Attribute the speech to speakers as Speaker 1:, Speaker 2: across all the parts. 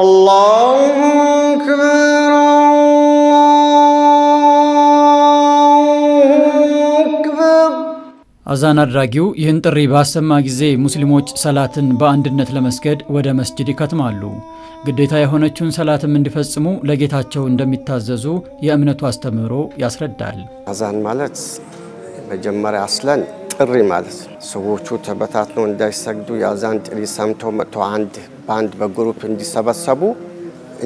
Speaker 1: አላሁ አክበር
Speaker 2: አዛን አድራጊው ይህን ጥሪ ባሰማ ጊዜ ሙስሊሞች ሰላትን በአንድነት ለመስገድ ወደ መስጅድ ይከትማሉ። ግዴታ የሆነችውን ሰላትም እንዲፈጽሙ ለጌታቸው እንደሚታዘዙ የእምነቱ አስተምህሮ ያስረዳል።
Speaker 3: አዛን ማለት መጀመሪያ አስለን ጥሪ ማለት ነው። ሰዎቹ ተበታትነው እንዳይሰግዱ የአዛን ጥሪ ሰምቶ መጥተው አንድ በአንድ በግሩፕ እንዲሰበሰቡ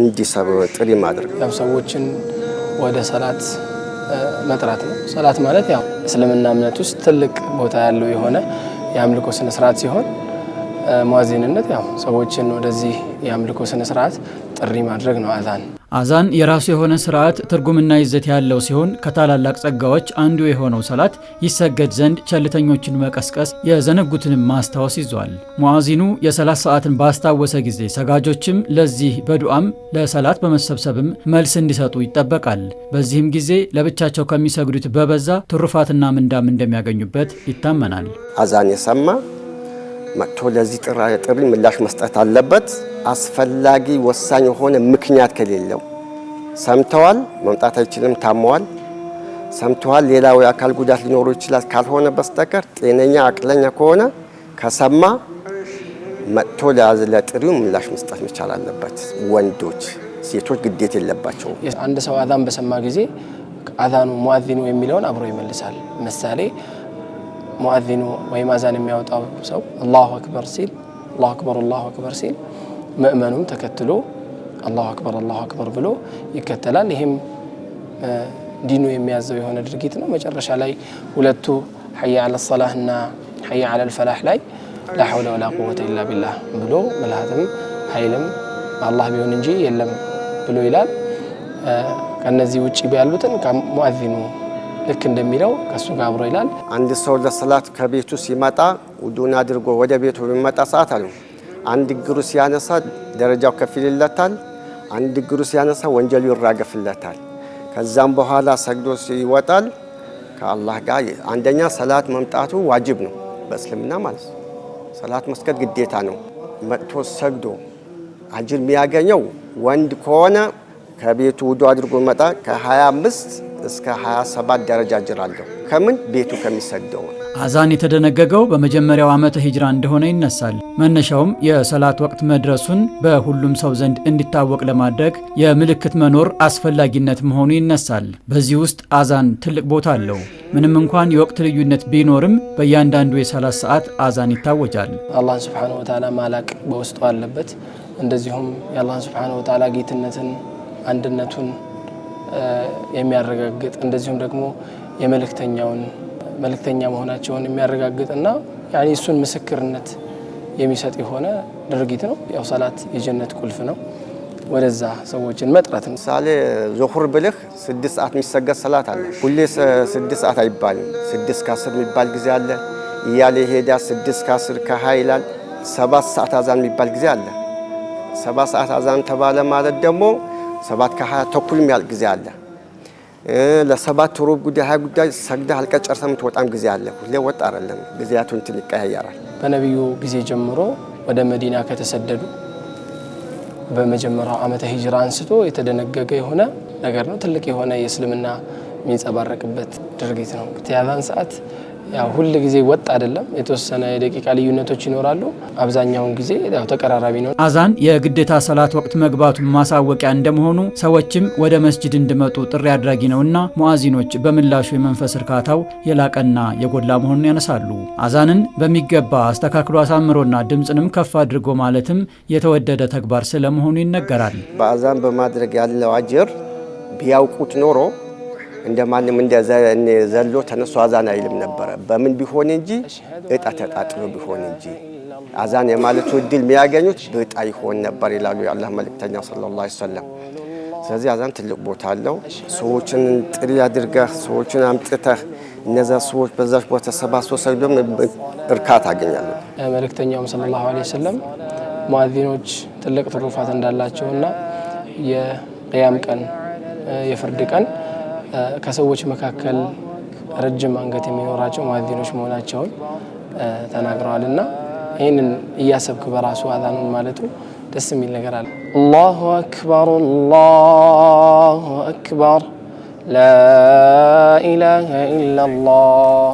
Speaker 3: እንዲሰብ ጥሪ ማድረግ
Speaker 4: ያው ሰዎችን ወደ ሰላት መጥራት ነው። ሰላት ማለት ያው እስልምና እምነት ውስጥ ትልቅ ቦታ ያለው የሆነ የአምልኮ ስነስርዓት ሲሆን ሟዚንነት ያው ሰዎችን ወደዚህ የአምልኮ ስነስርዓት ጥሪ ማድረግ ነው አዛን
Speaker 2: አዛን የራሱ የሆነ ስርዓት ትርጉምና ይዘት ያለው ሲሆን ከታላላቅ ጸጋዎች አንዱ የሆነው ሰላት ይሰገድ ዘንድ ቸልተኞችን መቀስቀስ የዘነጉትንም ማስታወስ ይዟል። ሙዓዚኑ የሰላት ሰዓትን ባስታወሰ ጊዜ ሰጋጆችም ለዚህ በዱዓም ለሰላት በመሰብሰብም መልስ እንዲሰጡ ይጠበቃል። በዚህም ጊዜ ለብቻቸው ከሚሰግዱት በበዛ ትሩፋትና ምንዳም እንደሚያገኙበት ይታመናል።
Speaker 3: አዛን የሰማ መጥቶ ለዚህ ጥሪ ምላሽ መስጠት አለበት። አስፈላጊ ወሳኝ የሆነ ምክንያት ከሌለው ሰምተዋል፣ መምጣት አይችልም፣ ታመዋል፣ ሰምተዋል፣ ሌላው የአካል ጉዳት ሊኖሩ ይችላል። ካልሆነ በስተቀር ጤነኛ አቅለኛ ከሆነ ከሰማ መጥቶ ለጥሪው ምላሽ መስጠት መቻል አለበት። ወንዶች ሴቶች ግዴት የለባቸውም።
Speaker 4: አንድ ሰው አዛን በሰማ ጊዜ አዛኑ ሙአዚኑ የሚለውን አብሮ ይመልሳል። ምሳሌ ሙአዚኑ ወይም አዛን የሚያወጣው ሰው አላሁ አክበር ሲል አላሁ አክበር አላሁ አክበር ሲል ምእመኑም ተከትሎ አላሁ አክበር አላሁ አክበር ብሎ ይከተላል። ይህም ዲኑ የሚያዘው የሆነ ድርጊት ነው። መጨረሻ ላይ ሁለቱ ሐየ አለ ሰላህ እና ሐየ አለ ልፈላህ ላይ ላሐውለ ወላ ቁወተ ኢላ ቢላህ ብሎ ብልሃትም ኃይልም አላህ ቢሆን እንጂ የለም ብሎ ይላል። ከነዚህ ውጭ ያሉትን ሙአዚኑ ልክ እንደሚለው ከእሱ ጋር አብሮ ይላል።
Speaker 3: አንድ ሰው ለሰላት ከቤቱ ሲመጣ ውዱን አድርጎ ወደ ቤቱ በሚመጣ ሰዓት አሉ አንድ እግሩ ሲያነሳ ደረጃው ከፍ ይልለታል። አንድ እግሩ ሲያነሳ ወንጀሉ ይራገፍለታል። ከዛም በኋላ ሰግዶ ይወጣል ከአላህ ጋር። አንደኛ ሰላት መምጣቱ ዋጅብ ነው በእስልምና ማለት ነው። ሰላት መስገድ ግዴታ ነው። መጥቶ ሰግዶ አጅር የሚያገኘው ወንድ ከሆነ ከቤቱ ውዱ አድርጎ መጣ ከ25 እስከ 27 ደረጃ አጅር አለው። ከምን ቤቱ ከሚሰግደው ነው።
Speaker 2: አዛን የተደነገገው በመጀመሪያው ዓመተ ሂጅራ እንደሆነ ይነሳል። መነሻውም የሰላት ወቅት መድረሱን በሁሉም ሰው ዘንድ እንዲታወቅ ለማድረግ የምልክት መኖር አስፈላጊነት መሆኑ ይነሳል። በዚህ ውስጥ አዛን ትልቅ ቦታ አለው። ምንም እንኳን የወቅት ልዩነት ቢኖርም በእያንዳንዱ የሰላት ሰዓት አዛን ይታወጃል።
Speaker 4: አላህን ስብሓነሁ ወተዓላ ማላቅ በውስጡ አለበት። እንደዚሁም የአላህን ስብሓነሁ ወተዓላ ጌትነትን አንድነቱን የሚያረጋግጥ እንደዚሁም ደግሞ የመልእክተኛውን መልእክተኛ መሆናቸውን የሚያረጋግጥና እሱን ምስክርነት የሚሰጥ የሆነ ድርጊት ነው። ያው ሰላት የጀነት ቁልፍ ነው። ወደዛ ሰዎችን መጥረት ነው።
Speaker 3: ምሳሌ ዙሁር ብልህ ስድስት ሰዓት የሚሰገድ ሰላት አለ። ሁሌ ስድስት ሰዓት አይባልም። ስድስት ከአስር የሚባል ጊዜ አለ እያለ ሄዳ ስድስት ከአስር ከሀያ ይላል። ሰባት ሰዓት አዛን የሚባል ጊዜ አለ። ሰባት ሰዓት አዛን ተባለ ማለት ደግሞ ሰባት ከሀያ ተኩል የሚያልቅ ጊዜ አለ። ለሰባት ሩብ ጉዳይ ሀያ ጉዳይ ሰግደህ አልቀህ ጨርሰህ የምትወጣም ጊዜ አለ። ሁሌ ወጥ አይደለም፣ ጊዜያቱ እንትን ይቀያየራል።
Speaker 4: በነቢዩ ጊዜ ጀምሮ ወደ መዲና ከተሰደዱ በመጀመሪያው ዓመተ ሂጅራ አንስቶ የተደነገገ የሆነ ነገር ነው። ትልቅ የሆነ የእስልምና የሚንጸባረቅበት ድርጊት ነው። ያዛን ሰዓት ያው ሁል ጊዜ ወጥ አይደለም። የተወሰነ የደቂቃ ልዩነቶች ይኖራሉ። አብዛኛውን ጊዜ ያው ተቀራራቢ ነው።
Speaker 2: አዛን የግዴታ ሰላት ወቅት መግባቱን ማሳወቂያ እንደመሆኑ ሰዎችም ወደ መስጅድ እንዲመጡ ጥሪ አድራጊ ነውና ሙአዚኖች በምላሹ የመንፈስ እርካታው የላቀና የጎላ መሆኑን ያነሳሉ። አዛንን በሚገባ አስተካክሎ አሳምሮና ድምፅንም ከፍ አድርጎ ማለትም የተወደደ ተግባር ስለመሆኑ ይነገራል።
Speaker 3: በአዛን በማድረግ ያለው አጀር ቢያውቁት ኖሮ እንደ ማንም እንደ ዘሎ ተነሱ አዛን አይልም ነበረ። በምን ቢሆን እንጂ እጣ ተጣጥሎ ቢሆን እንጂ አዛን የማለቱ እድል የሚያገኙት በእጣ ይሆን ነበር ይላሉ የአላህ መልእክተኛ ሰለላሁ ዐለይሂ ወሰለም። ስለዚህ አዛን ትልቅ ቦታ አለው። ሰዎችን ጥሪ አድርገህ ሰዎችን አምጥተህ እነዛ ሰዎች በዛች ቦታ ተሰባስበው ሰግዶም እርካታ አገኛሉ።
Speaker 4: መልእክተኛውም ሰለላሁ ዐለይሂ ወሰለም ሙአዚኖች ትልቅ ትሩፋት እንዳላቸውና የቅያም ቀን የፍርድ ቀን ከሰዎች መካከል ረጅም አንገት የሚኖራቸው ሙአዚኖች መሆናቸውን ተናግረዋል እና ይህንን እያሰብክ በራሱ አዛኑን ማለቱ ደስ የሚል ነገር አለ።
Speaker 1: አላሁ አክበር አላሁ አክበር ላ ኢላላህ